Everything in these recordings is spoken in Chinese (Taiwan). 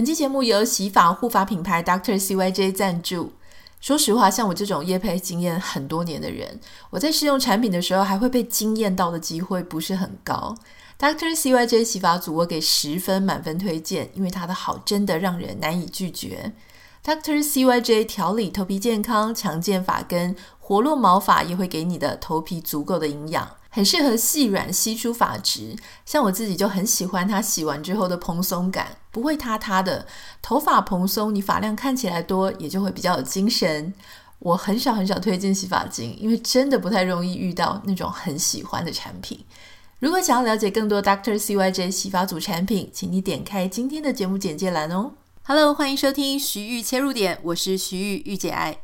本期節目由洗髮護髮品牌 Doctor CYJ 贊助。說實話，像我這種業配經驗很多年的人，我在試用產品的時候還會被驚豔到的機會不是很高。Doctor CYJ 洗髮組，我給十分滿分推薦，因為它的好真的讓人難以拒絕。Doctor CYJ 調理頭皮健康、強健髮根、活絡毛髮，也會給你的頭皮足夠的營養。很適合細軟稀疏髮質，像我自己就很喜歡它洗完之後的蓬鬆感，不會塌塌的。頭髮蓬鬆，你髮量看起來多，也就會比較有精神。我很少很少推薦洗髮精，因為真的不太容易遇到那種很喜歡的產品。如果想要了解更多 Dr. CYJ 洗髮組產品，請你點開今天的節目簡介欄哦。Hello，歡迎收聽徐豫切入點，我是徐豫，御姐愛。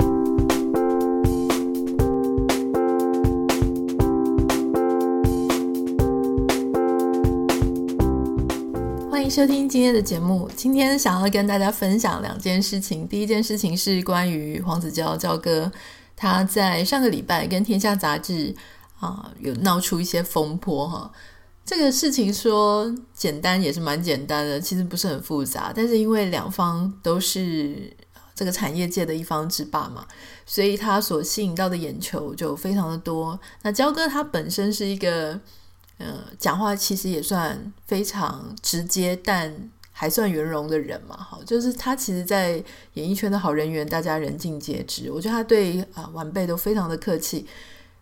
歡迎收聽今天的節目。今天想要跟大家分享兩件事情。第一件事情是關於黃子佼、佼哥，他在上個禮拜跟《天下》雜誌啊有鬧出一些風波哈、啊。這個事情說簡單也是蠻簡單的，其實不是很複雜。但是因為兩方都是這個產業界的一方之霸嘛，所以他所吸引到的眼球就非常的多。那佼哥他本身是一個。嗯，講話其實也算非常直接，但還算圓融的人嘛。哈，就是他其實，在演藝圈的好人緣，大家人盡皆知。我覺得他對啊晚輩都非常的客氣。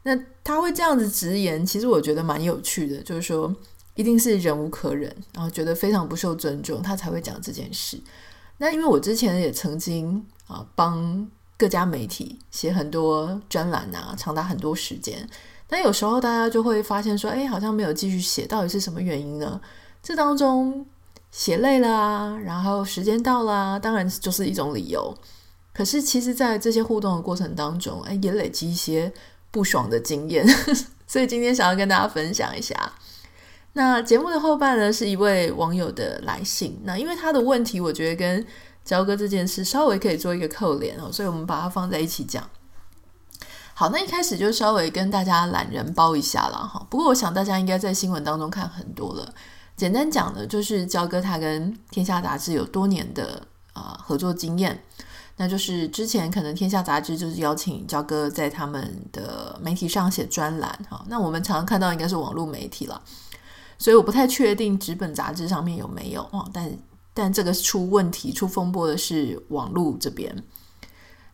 那他會這樣子直言，其實我覺得蠻有趣的，就是說一定是忍無可忍，然後覺得非常不受尊重，他才會講這件事。那因為我之前也曾經啊幫各家媒體寫很多專欄啊，長達很多時間。那有時候大家就會發現說，哎，好像沒有繼續寫，到底是什麼原因呢？這當中寫累啦，然後時間到啦，當然就是一種理由。可是其實，在這些互動的過程當中，哎，也累積一些不爽的經驗， 所以今天想要跟大家分享一下。那節目的後半呢，是一位網友的來信。那因為他的問題，我覺得跟佼哥這件事稍微可以做一個扣連哦，所以我們把它放在一起講。好，那一開始就稍微跟大家懶人包一下了哈。不過我想大家應該在新聞當中看很多了。簡單講呢，就是佼哥他跟天下雜誌有多年的啊、呃、合作經驗。那就是之前可能天下雜誌就是邀請佼哥在他們的媒體上寫專欄哈。那我們常常看到應該是網絡媒體了，所以我不太確定紙本雜誌上面有沒有。但但這個出問題出風波的是網絡這邊。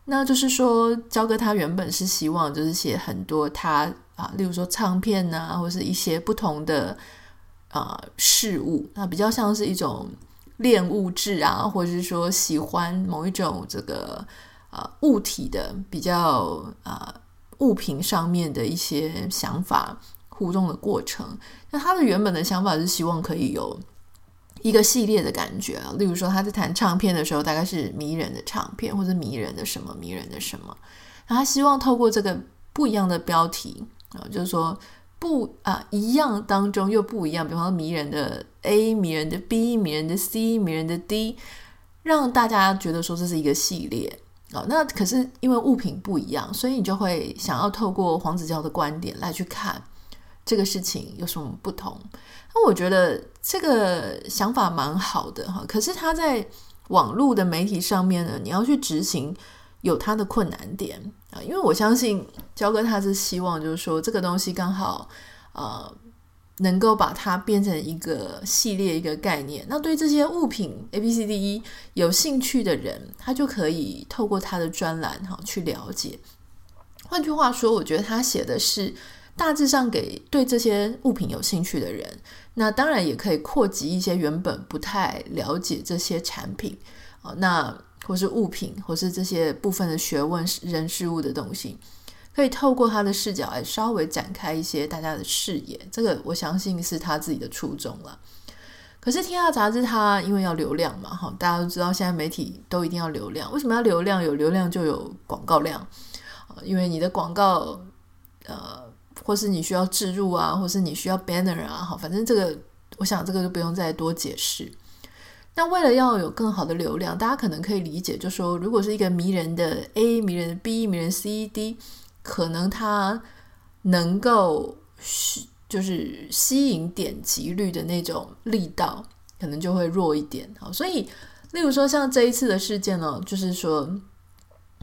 那就是說，佼哥他原本是希望，就是寫很多他啊，例如說唱片啊，或是一些不同的啊事物，那、啊、比較像是一種戀物質啊，或者是說喜歡某一種這個啊物體的比較啊物品上面的一些想法互動的過程。那他的原本的想法是希望可以有。一個系列的感覺啊，例如說他在談唱片的時候，大概是迷人的唱片，或者迷人的什麼，迷人的什麼。然後他希望透過這個不一樣的標題啊、呃，就是說不啊一樣當中又不一樣，比方說迷人的 A，迷人的 B，迷人的 C，迷人的 D，讓大家覺得說這是一個系列啊、呃。那可是因為物品不一樣，所以你就會想要透過黃子佼的觀點來去看。這個事情有什麼不同？那我覺得這個想法蠻好的哈。可是他在網絡的媒體上面呢，你要去執行，有他的困難點啊。因為我相信佼哥他是希望，就是說這個東西剛好呃，能夠把它變成一個系列一個概念。那對這些物品 A、B、C、D、E 有興趣的人，他就可以透過他的專欄哈去了解。換句話說，我覺得他寫的是。大致上給對這些物品有興趣的人，那當然也可以擴及一些原本不太了解這些產品啊，那或是物品，或是這些部分的學問人事物的東西，可以透過他的視角來稍微展開一些大家的視野。這個我相信是他自己的初衷了。可是《天下雜誌》它因為要流量嘛，哈，大家都知道現在媒體都一定要流量。為什麼要流量？有流量就有廣告量，因為你的廣告，呃。或是你需要置入啊，或是你需要 banner 啊，好，反正這個，我想這個就不用再多解釋。那為了要有更好的流量，大家可能可以理解，就說如果是一個迷人的 A 迷人的 B 迷人的 C D，可能它能夠就是吸引點擊率的那種力道，可能就會弱一點。好，所以例如說像這一次的事件呢、哦，就是說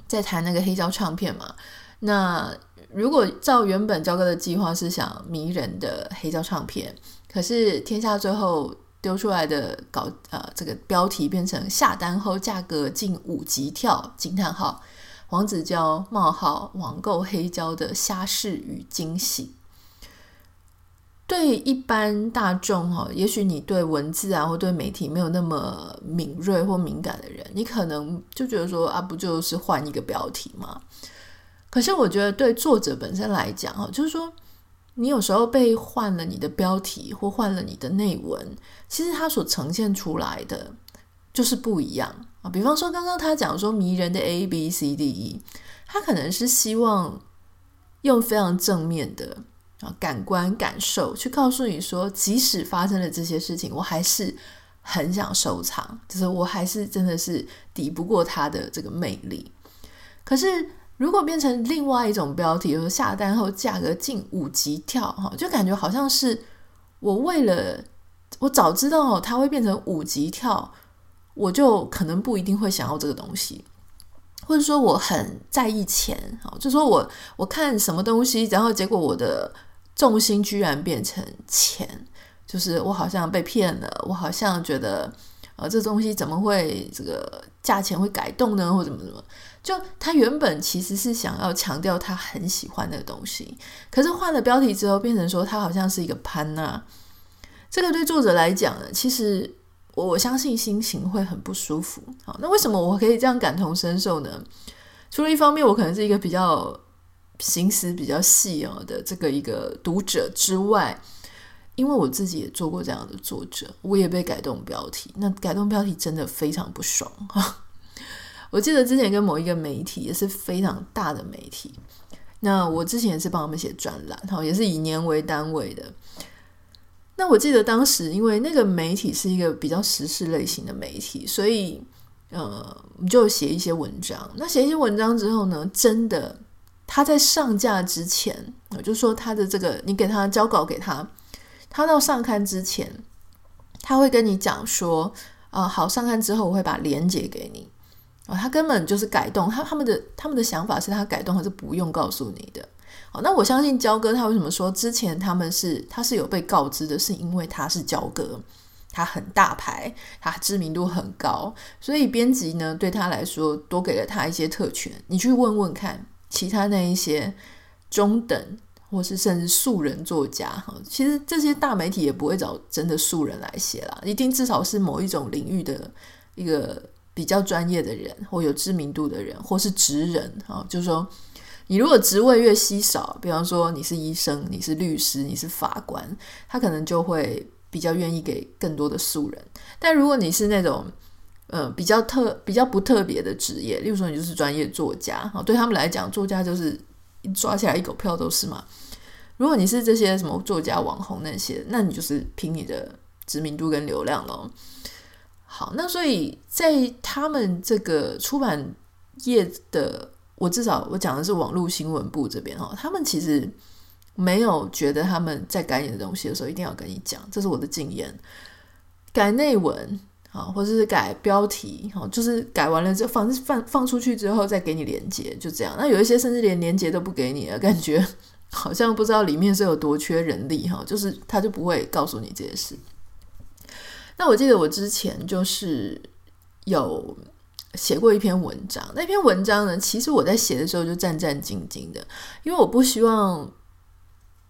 在談那個黑膠唱片嘛，那。如果照原本佼哥的計劃是想迷人的黑膠唱片，可是天下最後丟出來的稿，呃，這個標題變成下單後價格近五級跳，驚嘆號，黃子佼，冒號，網購黑膠的瞎事與驚喜。對一般大眾哈、哦，也許你對文字啊或對媒體沒有那麼敏銳或敏感的人，你可能就覺得說啊，不就是換一個標題嗎？可是我覺得，對作者本身來講啊，就是說，你有時候被換了你的標題或換了你的內文，其實他所呈現出來的就是不一樣啊。比方說，剛剛他講說迷人的 A B C D E，他可能是希望用非常正面的啊感官感受去告訴你說，即使發生了這些事情，我還是很想收藏，就是我還是真的是抵不過他的這個魅力。可是。如果變成另外一種標題，比如下單後價格近五級跳，哈，就感覺好像是我為了我早知道它會變成五級跳，我就可能不一定會想要這個東西，或者說我很在意錢，哈，就說我我看什麼東西，然後結果我的重心居然變成錢，就是我好像被騙了，我好像覺得。呃，這東西怎麼會這個價錢會改動呢？或怎麼怎麼？就他原本其實是想要強調他很喜歡的東西，可是換了標題之後變成說他好像是一個潘娜。這個對作者來講呢，其實我相信心情會很不舒服。好，那為什麼我可以這樣感同身受呢？除了一方面我可能是一個比較心思比較細啊、哦、的這個一個讀者之外。因為我自己也做過這樣的作者，我也被改動標題。那改動標題真的非常不爽啊！ 我記得之前跟某一個媒體也是非常大的媒體，那我之前也是幫他們寫專欄，哈，也是以年為單位的。那我記得當時，因為那個媒體是一個比較時事類型的媒體，所以呃，就寫一些文章。那寫一些文章之後呢，真的他在上架之前，我就說他的這個，你給他交稿給他。他到上刊之前，他會跟你講說，啊、呃，好，上刊之後我會把鏈接給你。啊、哦，他根本就是改動，他他們的他們的想法是他改動他是不用告訴你的。哦，那我相信佼哥他為什麼說之前他們是他是有被告知的，是因為他是佼哥，他很大牌，他知名度很高，所以編輯呢對他來說多給了他一些特權。你去問問看，其他那一些中等。或是甚至素人作家，哈，其實這些大媒體也不會找真的素人來寫啦，一定至少是某一種領域的一個比較專業的人，或有知名度的人，或是職人，哈，就是說，你如果職位越稀少，比方說你是醫生，你是律師，你是法官，他可能就會比較願意給更多的素人。但如果你是那種，呃，比較特、比較不特別的職業，例如說你就是專業作家，哈，對他們來講，作家就是。抓起來一狗票都是嘛。如果你是這些什麼作家、網紅那些，那你就是憑你的知名度跟流量咯。好，那所以在他們這個出版業的，我至少我講的是網絡新聞部這邊哦，他們其實沒有覺得他們在改你的東西的時候一定要跟你講，這是我的經驗。改內文。啊，或者是改標題，哈，就是改完了之後，放放放出去之後再給你連接，就這樣。那有一些甚至連連接都不給你了，感覺好像不知道裡面是有多缺人力，哈，就是他就不會告訴你這些事。那我記得我之前就是有寫過一篇文章，那篇文章呢，其實我在寫的時候就戰戰兢兢的，因為我不希望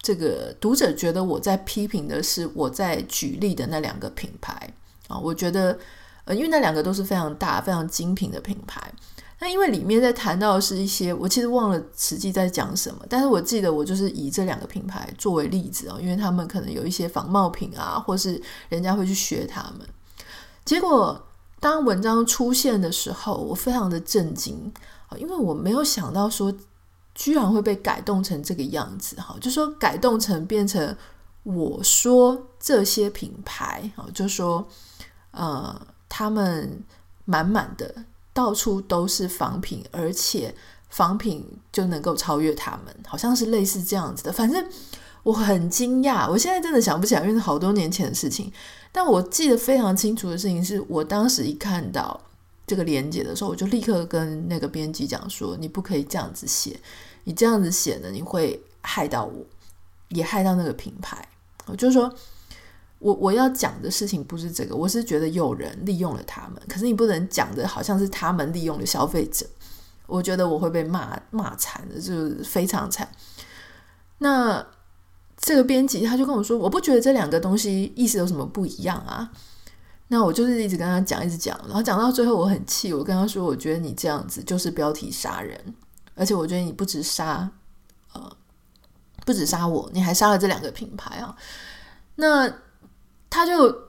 這個讀者覺得我在批評的是我在舉例的那兩個品牌。啊，我覺得，呃，因為那兩個都是非常大、非常精品的品牌。那因為裡面在談到的是一些，我其實忘了實際在講什麼，但是我記得我就是以這兩個品牌作為例子啊、哦，因為他們可能有一些仿冒品啊，或是人家會去學他們。結果當文章出現的時候，我非常的震驚啊，因為我沒有想到說，居然會被改動成這個樣子哈，就說改動成變成我說這些品牌啊，就說。呃、嗯，他們滿滿的，到處都是仿品，而且仿品就能夠超越他們，好像是類似這樣子的。反正我很驚訝，我現在真的想不起來，因為好多年前的事情。但我記得非常清楚的事情是，我當時一看到這個連接的時候，我就立刻跟那個編輯講說：“你不可以這樣子寫，你這樣子寫呢，你會害到我，也害到那個品牌。”我就是、說。我我要講的事情不是這個，我是覺得有人利用了他們。可是你不能講的好像是他們利用了消費者，我覺得我會被罵罵慘的，就是非常慘。那這個編輯他就跟我說，我不覺得這兩個東西意思有什麼不一樣啊。那我就是一直跟他講，一直講，然後講到最後我很氣，我跟他說，我覺得你這樣子就是標題殺人，而且我覺得你不只殺呃，不止殺我，你還殺了這兩個品牌啊。那。他就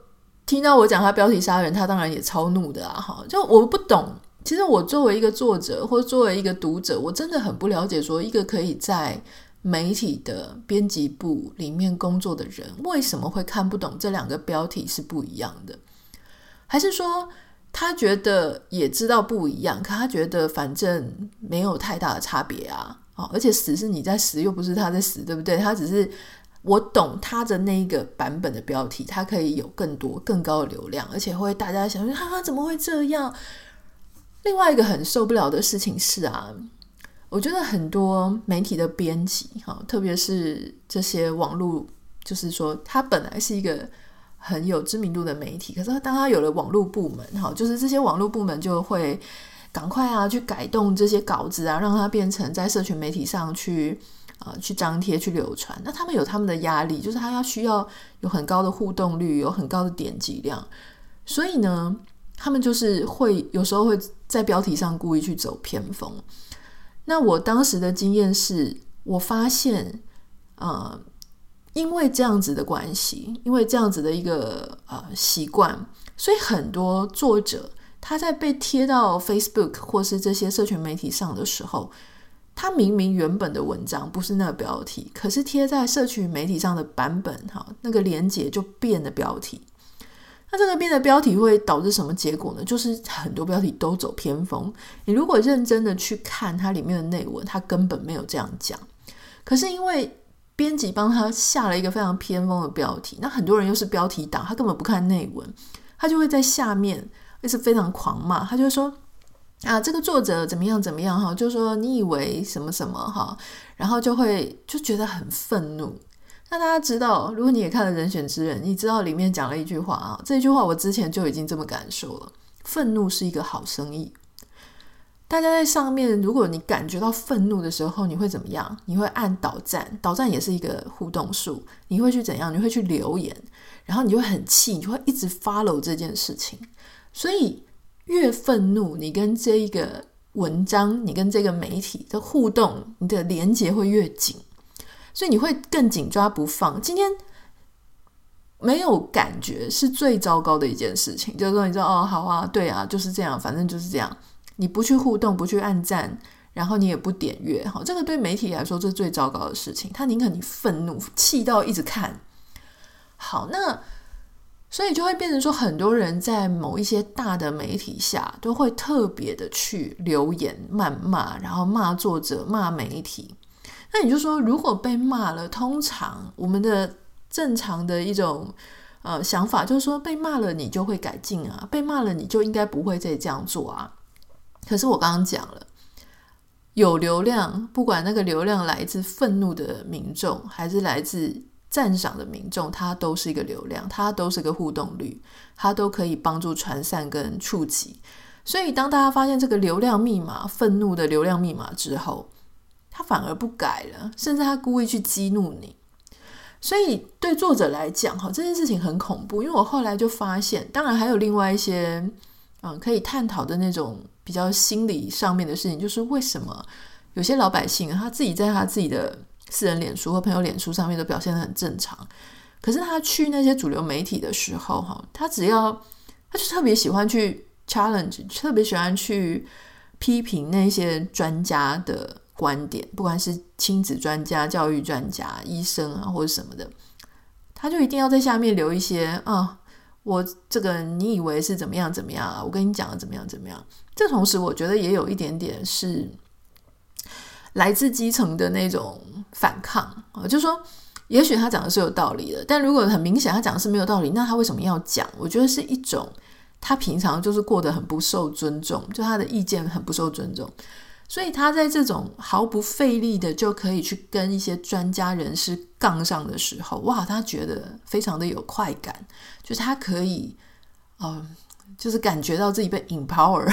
聽到我講他標題殺人，他當然也超怒的啊！哈，就我不懂，其實我作為一個作者或作為一個讀者，我真的很不了解，說一個可以在媒體的編輯部裡面工作的人，為什麼會看不懂這兩個標題是不一樣的？還是說他覺得也知道不一樣，可他覺得反正沒有太大的差別啊？哦，而且死是你在死，又不是他在死，對不對？他只是。我懂他的那一個版本的標題，他可以有更多更高的流量，而且會大家想說，哈哈，怎麼會這樣？另外一個很受不了的事情是啊，我覺得很多媒體的編輯哈，特別是這些網絡，就是說他本來是一個很有知名度的媒體，可是當他有了網絡部門哈，就是這些網絡部門就會。趕快啊，去改動這些稿子啊，讓它變成在社群媒體上去啊、呃，去張貼去流傳。那他們有他們的壓力，就是他要需要有很高的互動率，有很高的點擊量。所以呢，他們就是會有時候會在標題上故意去走偏鋒。那我當時的經驗是，我發現呃，因為這樣子的關係，因為這樣子的一個呃習慣，所以很多作者。他在被貼到 Facebook 或是這些社群媒體上的時候，他明明原本的文章不是那個標題，可是貼在社群媒體上的版本，哈，那個連結就變了標題。那這個變的標題會導致什麼結果呢？就是很多標題都走偏鋒。你如果認真的去看它裡面的內文，它根本沒有這樣講。可是因為編輯幫他下了一個非常偏鋒的標題，那很多人又是標題黨，他根本不看內文，他就會在下面。就是非常狂嘛，他就說啊，這個作者怎麼樣怎麼樣哈，就說你以為什麼什麼哈，然後就會就覺得很憤怒。那大家知道，如果你也看了《人選之人》，你知道裡面講了一句話啊，這句話我之前就已經這麼感受了：憤怒是一個好生意。大家在上面，如果你感覺到憤怒的時候，你會怎麼樣？你會按倒讚，倒讚也是一個互動數。你會去怎樣？你會去留言，然後你就會很氣，你會一直 follow 這件事情。所以越憤怒，你跟這一個文章，你跟這個媒體的互動，你的連接會越緊，所以你會更緊抓不放。今天沒有感覺是最糟糕的一件事情，就是說你說哦，好啊，對啊，就是這樣，反正就是這樣。你不去互動，不去按贊，然後你也不點閱，哈，這個對媒體來說這是最糟糕的事情。他寧可你憤怒氣到一直看。好，那。所以就會變成說，很多人在某一些大的媒體下，都會特別的去留言、謾罵，然後罵作者、罵媒體。那你就說，如果被罵了，通常我們的正常的一種呃想法就是說，被罵了你就會改進啊，被罵了你就應該不會再這樣做啊。可是我剛剛講了，有流量，不管那個流量來自憤怒的民眾，還是來自，讚賞的民眾，他都是一個流量，他都是一個互動率，他都可以幫助傳散跟觸及。所以，當大家發現這個流量密碼、憤怒的流量密碼之後，他反而不改了，甚至他故意去激怒你。所以，對作者來講，哈，這件事情很恐怖。因為我後來就發現，當然還有另外一些，嗯，可以探討的那種比較心理上面的事情，就是為什麼有些老百姓他自己在他自己的。私人臉書和朋友臉書上面都表現得很正常，可是他去那些主流媒體的時候，他只要他就特別喜歡去 challenge，特別喜歡去批評那些專家的觀點，不管是親子專家、教育專家、醫生啊或者什麼的，他就一定要在下面留一些啊，我這個你以為是怎麼樣怎麼樣啊，我跟你講的怎麼樣怎麼樣。這同時，我覺得也有一點點是。來自基層的那種反抗啊，就說，也許他講的是有道理的，但如果很明顯他講的是沒有道理，那他為什麼要講？我覺得是一種，他平常就是過得很不受尊重，就他的意見很不受尊重，所以他在這種毫不費力的就可以去跟一些專家人士槓上的時候，哇，他覺得非常的有快感，就是他可以，嗯、呃，就是感覺到自己被 empower，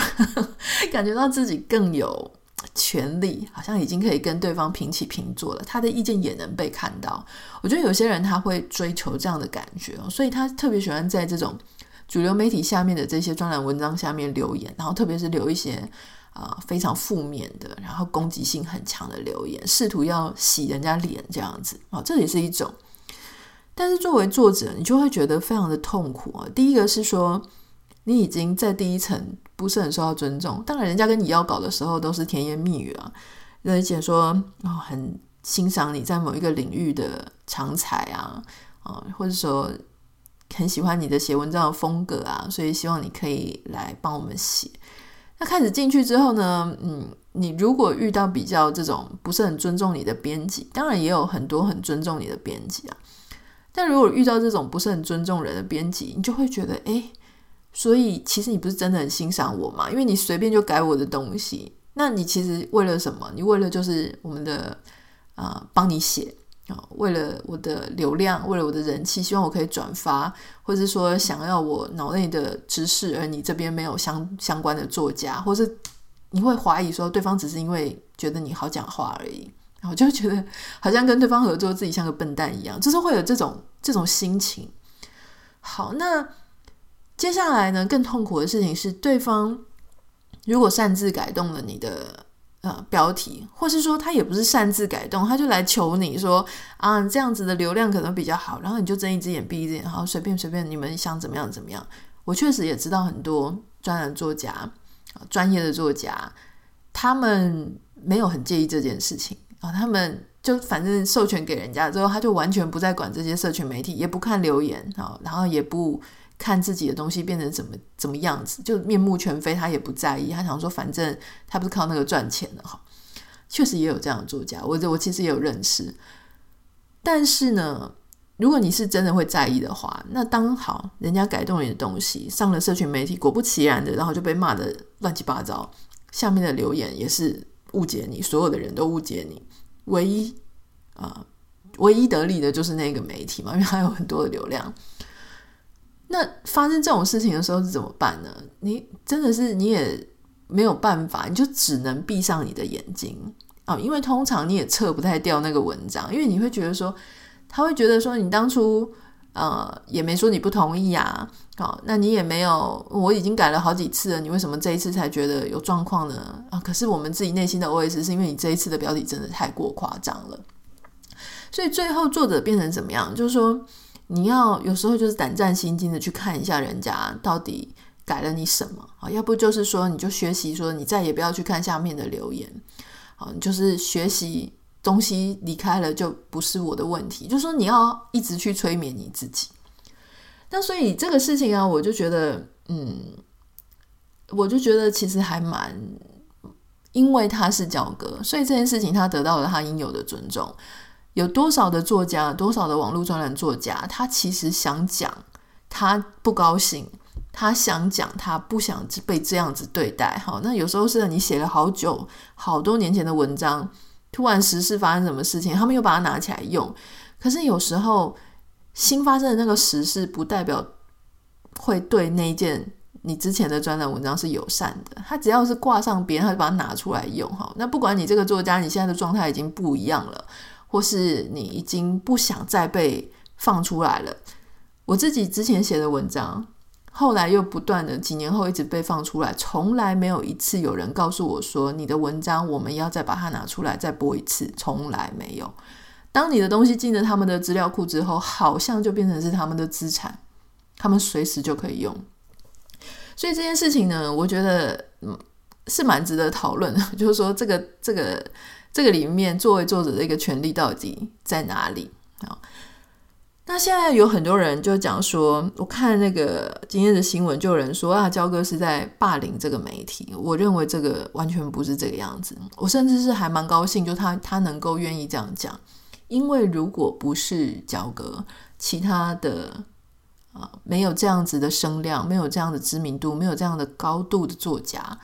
感覺到自己更有。權力好像已經可以跟對方平起平坐了，他的意見也能被看到。我覺得有些人他會追求這樣的感覺哦，所以他特別喜歡在這種主流媒體下面的這些專欄文章下面留言，然後特別是留一些啊、呃、非常負面的，然後攻擊性很強的留言，試圖要洗人家臉這樣子哦，這也是一種。但是作為作者，你就會覺得非常的痛苦啊、哦。第一個是說。你已經在第一層不是很受到尊重。當然，人家跟你要稿的時候都是甜言蜜語啊，而且說哦，很欣賞你在某一個領域的長才啊，啊、哦，或者說很喜歡你的寫文章的風格啊，所以希望你可以來幫我們寫。那開始進去之後呢，嗯，你如果遇到比較這種不是很尊重你的編輯，當然也有很多很尊重你的編輯啊，但如果遇到這種不是很尊重人的編輯，你就會覺得哎。誒所以其實你不是真的很欣賞我嘛？因為你隨便就改我的東西，那你其實為了什麼？你為了就是我們的啊、呃，幫你寫啊，為了我的流量，為了我的人氣，希望我可以轉發，或者是說想要我腦內的知識，而你這邊沒有相相關的作家，或是你會懷疑說對方只是因為覺得你好講話而已，然後就覺得好像跟對方合作自己像個笨蛋一樣，就是會有這種這種心情。好，那。接下來呢，更痛苦的事情是，對方如果擅自改動了你的呃標題，或是說他也不是擅自改動，他就來求你說啊，這樣子的流量可能比較好，然後你就睜一隻眼閉一隻眼，好，隨便隨便，你們想怎麼樣怎麼樣。我確實也知道很多專欄作家啊，專業的作家，他們沒有很介意這件事情啊，他們就反正授權給人家之後，他就完全不再管這些社群媒體，也不看留言啊，然後也不看自己的東西變成怎麼怎麼樣子，就面目全非，他也不在意。他想說，反正他不是靠那個賺錢的哈。確實也有這樣的作家，我我其實也有認識。但是呢，如果你是真的會在意的話，那當好，人家改動你的東西上了社群媒體，果不其然的，然後就被罵得亂七八糟。下面的留言也是誤解你，所有的人都誤解你。唯一啊，唯一得利的就是那個媒體嘛，因為它有很多的流量。那發生這種事情的時候是怎麼辦呢？你真的是你也沒有辦法，你就只能閉上你的眼睛啊、哦，因為通常你也撤不太掉那個文章，因為你會覺得說，他會覺得說你當初呃也沒說你不同意啊，好、哦，那你也沒有，我已經改了好幾次了，你為什麼這一次才覺得有狀況呢？啊、哦，可是我們自己內心的 OS 是因為你這一次的標題真的太過誇張了，所以最後作者變成怎麼樣？就是說。你要有時候就是膽戰心驚的去看一下人家到底改了你什麼啊，要不就是說你就學習說，你再也不要去看下面的留言，就是學習東西離開了，就不是我的問題，就是說你要一直去催眠你自己。那所以這個事情啊，我就覺得，嗯，我就覺得其實還蠻，因為他是佼哥，所以這件事情他得到了他應有的尊重。有多少的作家，多少的網絡專欄作家，他其實想講，他不高興，他想講，他不想被這樣子對待。好，那有時候是你寫了好久、好多年前的文章，突然時事發生什麼事情，他們又把它拿起來用。可是有時候新發生的那個時事，不代表會對那一件你之前的專欄文章是友善的。他只要是掛上別人，他就把它拿出來用。好，那不管你這個作家，你現在的狀態已經不一樣了。或是你已經不想再被放出來了。我自己之前寫的文章，後來又不斷的幾年後一直被放出來，從來沒有一次有人告訴我說，你的文章我們要再把它拿出來再播一次，從來沒有。當你的東西進了他們的資料庫之後，好像就變成是他們的資產，他們隨時就可以用。所以這件事情呢，我覺得，嗯，是蠻值得討論的，就是說這個這個。這個裡面作為作者的一個權利到底在哪裡？那現在有很多人就講說，我看那個今天的新聞，就有人說啊，佼哥是在霸凌這個媒體。我認為這個完全不是這個樣子。我甚至是還蠻高興，就他他能夠願意這樣講，因為如果不是佼哥，其他的啊沒有這樣子的聲量，沒有這樣的知名度，沒有這樣的高度的作家。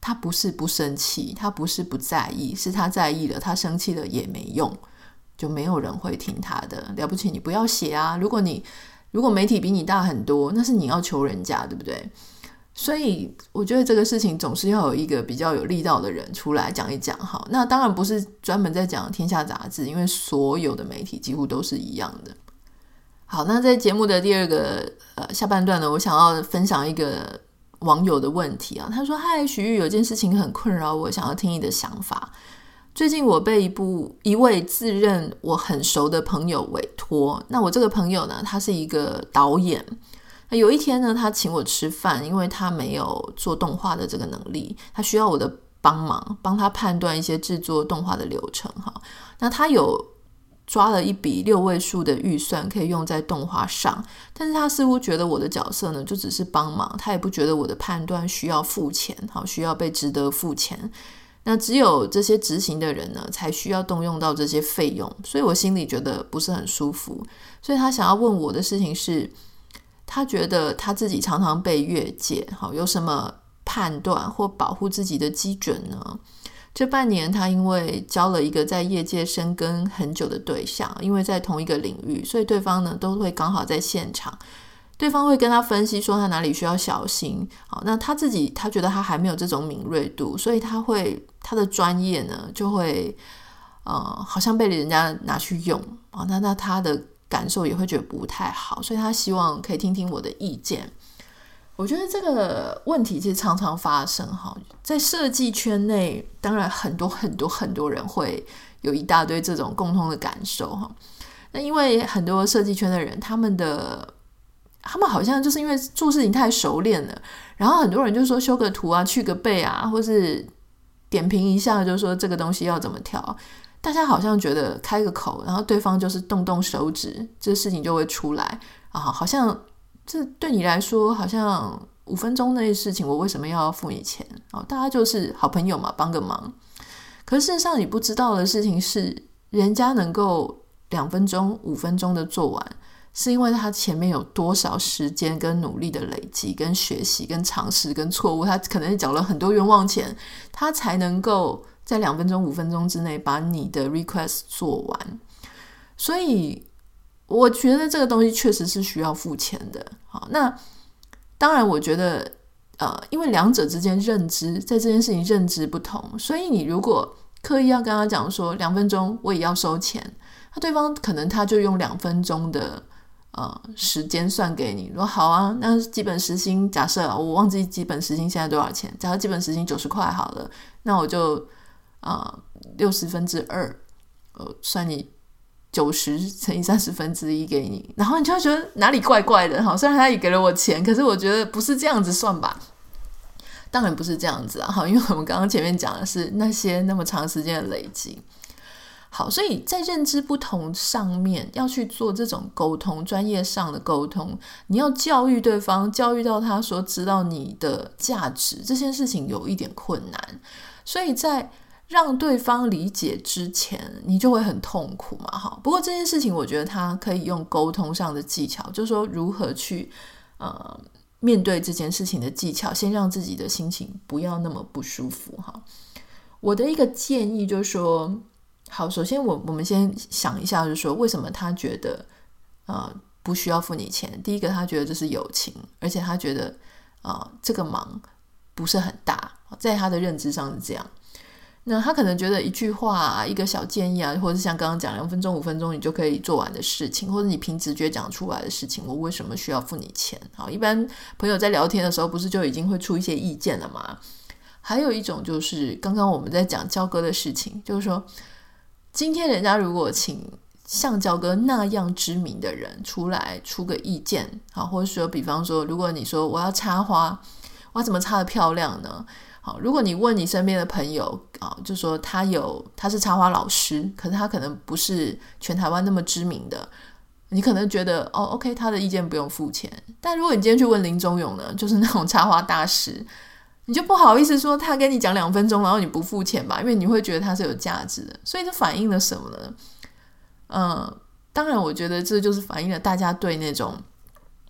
他不是不生氣，他不是不在意，是他在意了。他生氣了也沒用，就沒有人會聽他的。了不起，你不要寫啊！如果你如果媒體比你大很多，那是你要求人家，對不對？所以我覺得這個事情總是要有一個比較有力道的人出來講一講。好，那當然不是專門在講《天下雜誌》，因為所有的媒體幾乎都是一樣的。好，那在節目的第二個呃下半段呢，我想要分享一個。網友的問題啊，他說：“嗨，徐豫，有件事情很困擾我，想要聽你的想法。最近我被一部一位自認我很熟的朋友委托。那我這個朋友呢，他是一個導演。有一天呢，他請我吃飯，因為他沒有做動畫的這個能力，他需要我的幫忙，幫他判斷一些制作動畫的流程。哈，那他有。”抓了一筆六位數的預算可以用在動畫上，但是他似乎覺得我的角色呢就只是幫忙，他也不覺得我的判斷需要付錢，好需要被值得付錢。那只有這些執行的人呢才需要動用到這些費用，所以我心裡覺得不是很舒服。所以他想要問我的事情是，他覺得他自己常常被越界，好有什麼判斷或保護自己的基準呢？這半年，他因為交了一個在業界深耕很久的對象，因為在同一個領域，所以對方呢都會剛好在現場，對方會跟他分析說他哪裡需要小心。好，那他自己他覺得他還沒有這種敏銳度，所以他會他的專業呢就會呃好像被人家拿去用啊，那那他的感受也會覺得不太好，所以他希望可以聽聽我的意見。我覺得這個問題其實常常發生哈，在設計圈內，當然很多很多很多人會有一大堆這種共通的感受哈。那因為很多設計圈的人，他們的他們好像就是因為做事情太熟練了，然後很多人就說修個圖啊、去個背啊，或是點評一下，就說這個東西要怎麼調，大家好像覺得開個口，然後對方就是動動手指，這事情就會出來啊，好像。這對你來說好像五分鐘那些事情，我為什麼要付你錢哦，大家就是好朋友嘛，幫個忙。可是事實上你不知道的事情是，人家能夠兩分鐘、五分鐘的做完，是因為他前面有多少時間、跟努力的累積、跟學習、跟嘗試、跟錯誤，他可能講了很多冤枉錢，他才能夠在兩分鐘、五分鐘之內把你的 request 做完。所以。我覺得這個東西確實是需要付錢的。好，那當然，我覺得，呃，因為兩者之間認知，在這件事情認知不同，所以你如果刻意要跟他講說兩分鐘我也要收錢，那對方可能他就用兩分鐘的呃時間算給你，說好啊，那基本時薪，假設我忘記基本時薪現在多少錢，假設基本時薪九十塊好了，那我就啊六十分之二，呃，哦，算你。九十乘以三十分之一給你，然後你就會覺得哪裡怪怪的。好，雖然他也給了我錢，可是我覺得不是這樣子算吧？當然不是這樣子啊。好，因為我們剛剛前面講的是那些那麼長時間的累積。好，所以在認知不同上面要去做這種溝通，專業上的溝通，你要教育對方，教育到他說知道你的價值，這件事情有一點困難。所以在讓對方理解之前，你就會很痛苦嘛。哈，不過這件事情，我覺得他可以用溝通上的技巧，就是說如何去呃面對這件事情的技巧，先讓自己的心情不要那麼不舒服。哈，我的一個建議就是說，好，首先我我們先想一下，就是說為什麼他覺得，呃，不需要付你錢？第一個，他覺得這是友情，而且他覺得啊，呃，這個忙不是很大，在他的認知上是這樣。那他可能覺得一句話、啊、一個小建議啊，或者像剛剛講兩分鐘、五分鐘，你就可以做完的事情，或者你憑直覺講出來的事情，我為什麼需要付你錢？好，一般朋友在聊天的時候，不是就已經會出一些意見了嗎？還有一種就是剛剛我們在講佼哥的事情，就是說今天人家如果請像佼哥那樣知名的人出來出個意見啊，或者說，比方說，如果你說我要插花，我要怎麼插得漂亮呢？好，如果你問你身邊的朋友啊，哦，就說他有他是插花老師，可是他可能不是全台灣那麼知名的，你可能覺得哦，OK，他的意見不用付錢。但如果你今天去問凌宗湧呢，就是那種插花大師，你就不好意思說他跟你講兩分鐘，然後你不付錢吧，因為你會覺得他是有價值的。所以這反映了什麼呢？嗯，當然，我覺得這就是反映了大家對那種。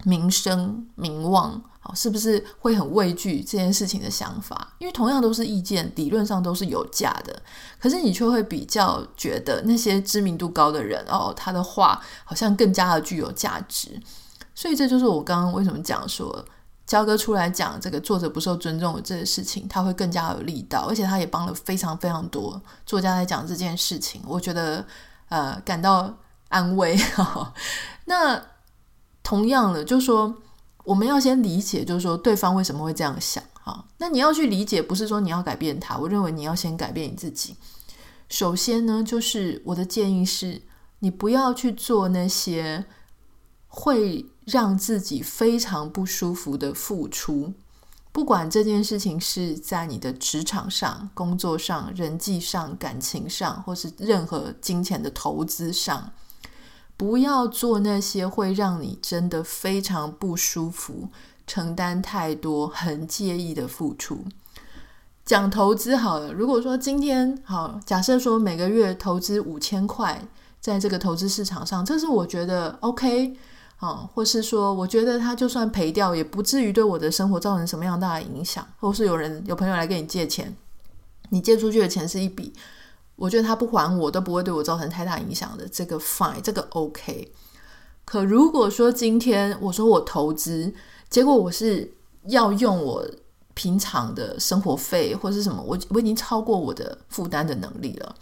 名聲、名望，好、哦，是不是會很畏懼這件事情的想法？因為同樣都是意見，理論上都是有價的，可是你卻會比較覺得那些知名度高的人哦，他的話好像更加的具有價值。所以這就是我剛剛為什麼講說，佼哥出來講這個作者不受尊重這個事情，他會更加有力道，而且他也幫了非常非常多作家來講這件事情，我覺得呃感到安慰、哦。那。同樣的，就說我們要先理解，就是說對方為什麼會這樣想哈。那你要去理解，不是說你要改變他，我認為你要先改變你自己。首先呢，就是我的建議是，你不要去做那些會讓自己非常不舒服的付出，不管這件事情是在你的職場上、工作上、人際上、感情上，或是任何金錢的投資上。不要做那些會讓你真的非常不舒服、承擔太多、很介意的付出。講投資好了，如果說今天好，假設說每個月投資五千塊在這個投資市場上，這是我覺得 OK 啊，或是說我覺得他就算賠掉，也不至於對我的生活造成什麼樣大的影響。或是有人有朋友來跟你借錢，你借出去的錢是一筆。我覺得他不還我都不會對我造成太大影響的，這個 fine，這個 OK。可如果說今天我說我投資，結果我是要用我平常的生活費或是什麼，我我已經超過我的負擔的能力了，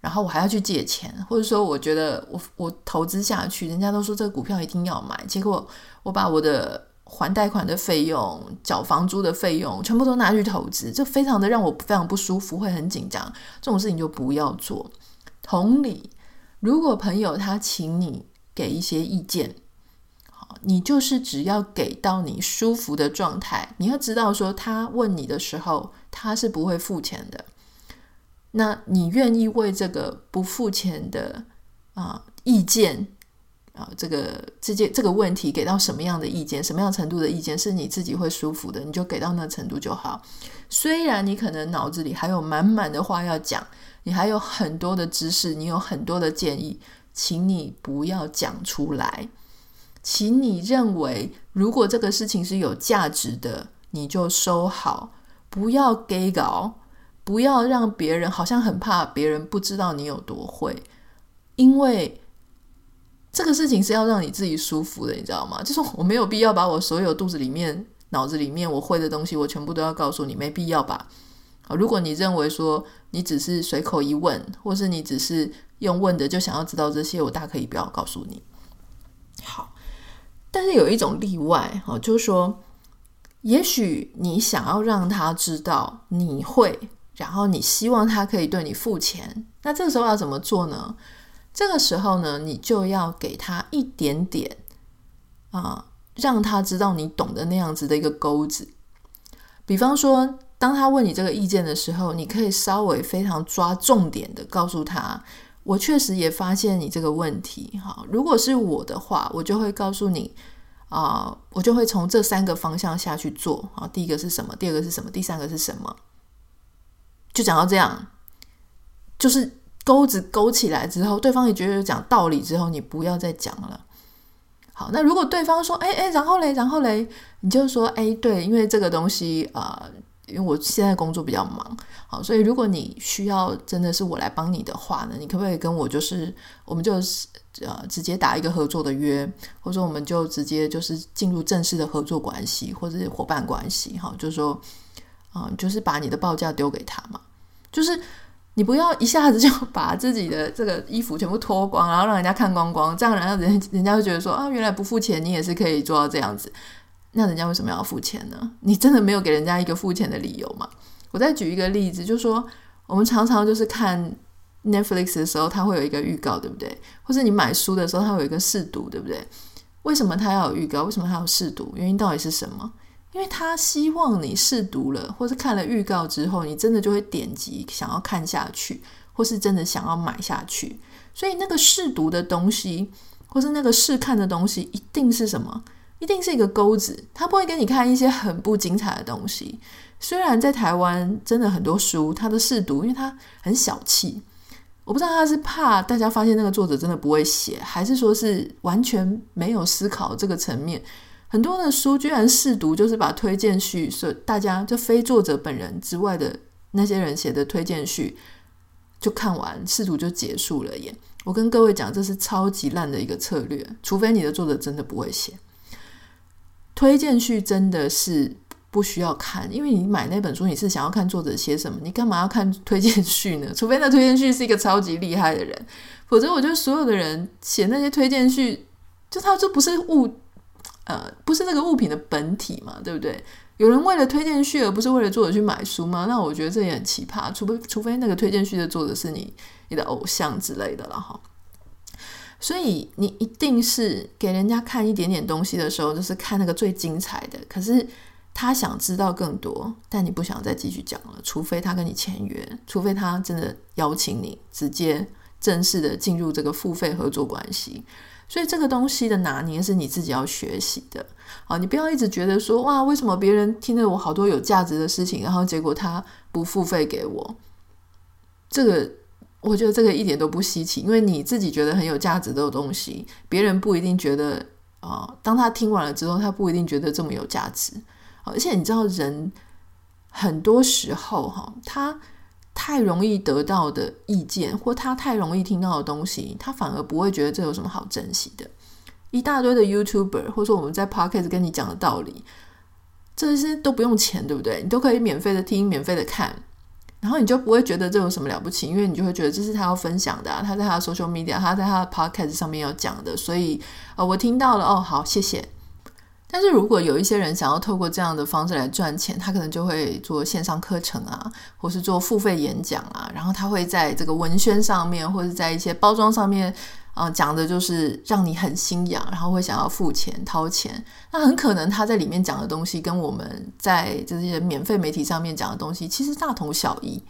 然後我還要去借錢，或者說我覺得我我投資下去，人家都說這個股票一定要買，結果我把我的。還貸款的費用、繳房租的費用，全部都拿去投資，這非常的讓我非常不舒服，會很緊張。這種事情就不要做。同理，如果朋友他請你給一些意見，你就是只要給到你舒服的狀態。你要知道說他問你的時候，他是不會付錢的。那你願意為這個不付錢的啊意見？啊，這個這這個問題給到什麼樣的意見，什麼樣程度的意見是你自己會舒服的，你就給到那程度就好。雖然你可能腦子裡還有滿滿的話要講，你還有很多的知識，你有很多的建議，請你不要講出來，請你認為如果這個事情是有價值的，你就收好，不要給稿，不要讓別人好像很怕別人不知道你有多會，因為。這個事情是要讓你自己舒服的，你知道嗎？就是我沒有必要把我所有肚子裡面、腦子裡面我會的東西，我全部都要告訴你，沒必要吧？好，如果你認為說你只是隨口一問，或是你只是用問的就想要知道這些，我大可以不要告訴你。好，但是有一種例外，好，就是說，也許你想要讓他知道你會，然後你希望他可以對你付錢，那這個時候要怎麼做呢？這個時候呢，你就要給他一點點啊、呃，讓他知道你懂得那樣子的一個鈎子。比方說，當他問你這個意見的時候，你可以稍微非常抓重點的告訴他，我確實也發現你這個問題。哈，如果是我的話，我就會告訴你啊、呃，我就會從這三個方向下去做啊。第一個是什麼？第二個是什麼？第三個是什麼？就講到這樣，就是。鈎子勾起來之後，對方也覺得講道理之後，你不要再講了。好，那如果對方說“哎哎”，然後嘞，然後嘞，你就說“哎，對，因為這個東西，啊、呃，因為我現在工作比較忙，好，所以如果你需要真的是我來幫你的話呢，你可不可以跟我就是，我們就呃直接打一個合作的約，或者我們就直接就是進入正式的合作關係或者是夥伴關係，哈，就是說，啊、呃，就是把你的報價丟給他嘛，就是。你不要一下子就把自己的這個衣服全部脫光，然後讓人家看光光，這樣然後人，人家會覺得說啊，原來不付錢你也是可以做到這樣子，那人家為什麼要付錢呢？你真的沒有給人家一個付錢的理由嗎？我再舉一個例子，就是說我們常常就是看 Netflix 的時候，它會有一個預告，對不對？或是你買書的時候，它會有一個試讀，對不對？為什麼它要有預告？為什麼它要試讀？原因到底是什麼？因為他希望你試讀了，或是看了預告之後，你真的就會點擊想要看下去，或是真的想要買下去。所以那個試讀的東西，或是那個試看的東西，一定是什麼？一定是一個鈎子。他不會給你看一些很不精彩的東西。雖然在台灣，真的很多書他的試讀，因為他很小氣，我不知道他是怕大家發現那個作者真的不會寫，還是說是完全沒有思考這個層面。很多的書居然試讀就是把推薦序，所以大家就非作者本人之外的那些人寫的推薦序就看完試讀就結束了耶！我跟各位講，這是超級爛的一個策略。除非你的作者真的不會寫推薦序，真的是不需要看，因為你買那本書，你是想要看作者寫什麼，你幹嘛要看推薦序呢？除非那推薦序是一個超級厲害的人，否則我覺得所有的人寫那些推薦序，就他就不是物。呃，不是那個物品的本體嘛，對不對？有人為了推薦序而不是為了作者去買書嗎？那我覺得這也很奇葩。除非除非那個推薦序的作者是你你的偶像之類的了哈。所以你一定是給人家看一點點東西的時候，就是看那個最精彩的。可是他想知道更多，但你不想再繼續講了，除非他跟你簽約，除非他真的邀請你直接正式的進入這個付費合作關係。所以這個東西的拿捏是你自己要學習的，啊，你不要一直覺得說，哇，為什麼別人聽了我好多有價值的事情，然後結果他不付費給我？這個我覺得這個一點都不稀奇，因為你自己覺得很有價值的東西，別人不一定覺得啊。當他聽完了之後，他不一定覺得這麼有價值。而且你知道，人很多時候哈，他。太容易得到的意見，或他太容易聽到的東西，他反而不會覺得這有什麼好珍惜的。一大堆的 YouTuber，或者說我們在 Podcast 跟你講的道理，這些都不用錢，對不對？你都可以免費的聽，免費的看，然後你就不會覺得這有什麼了不起，因為你就會覺得這是他要分享的、啊，他在他的 social media，他在他的 Podcast 上面要講的，所以啊、呃，我聽到了，哦，好，謝謝。但是如果有一些人想要透過這樣的方式來賺錢，他可能就會做線上課程啊，或是做付費演講啊，然後他會在這個文宣上面，或是在一些包裝上面，啊、呃，講的就是讓你很心癢，然後會想要付錢掏錢。那很可能他在裡面講的東西跟我們在，就是一些免費媒體上面講的東西其實大同小異，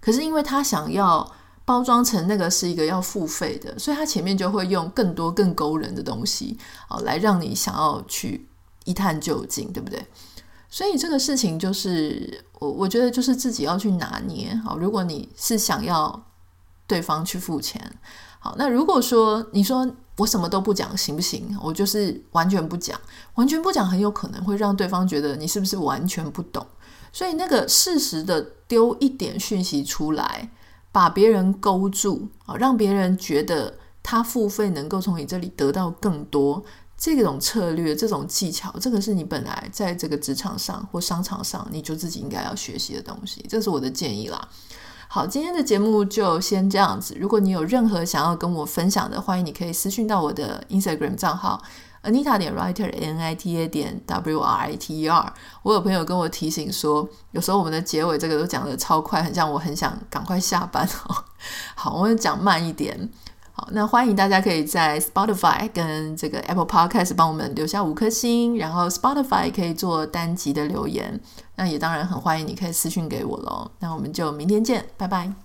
可是因為他想要包裝成那個是一個要付費的，所以他前面就會用更多更勾人的東西啊、呃，來讓你想要去。一探究竟，對不對？所以這個事情就是，我我覺得就是自己要去拿捏。好，如果你是想要對方去付錢，好，那如果說你說我什麼都不講，行不行？我就是完全不講，完全不講，很有可能會讓對方覺得你是不是完全不懂。所以那個適時的丟一點訊息出來，把別人勾住，好，讓別人覺得他付費能夠從你這裡得到更多。這種策略，這種技巧，這個是你本來在這個職場上或商場上，你就自己應該要學習的東西。這是我的建議啦。好，今天的節目就先這樣子。如果你有任何想要跟我分享的，歡迎你可以私訊到我的 Instagram 賬號 Anita 點 writer，A-N-I-T-A 點 W-R-I-T-E-R。我有朋友跟我提醒說，有時候我們的結尾這個都講得超快，很像我很想趕快下班。好，好我會講慢一點。好，那歡迎大家可以在 Spotify 跟這個 Apple Podcast 幫我們留下五顆星，然後 Spotify 可以做單集的留言。那也當然很歡迎你可以私訊給我嘍。那我們就明天見，拜拜。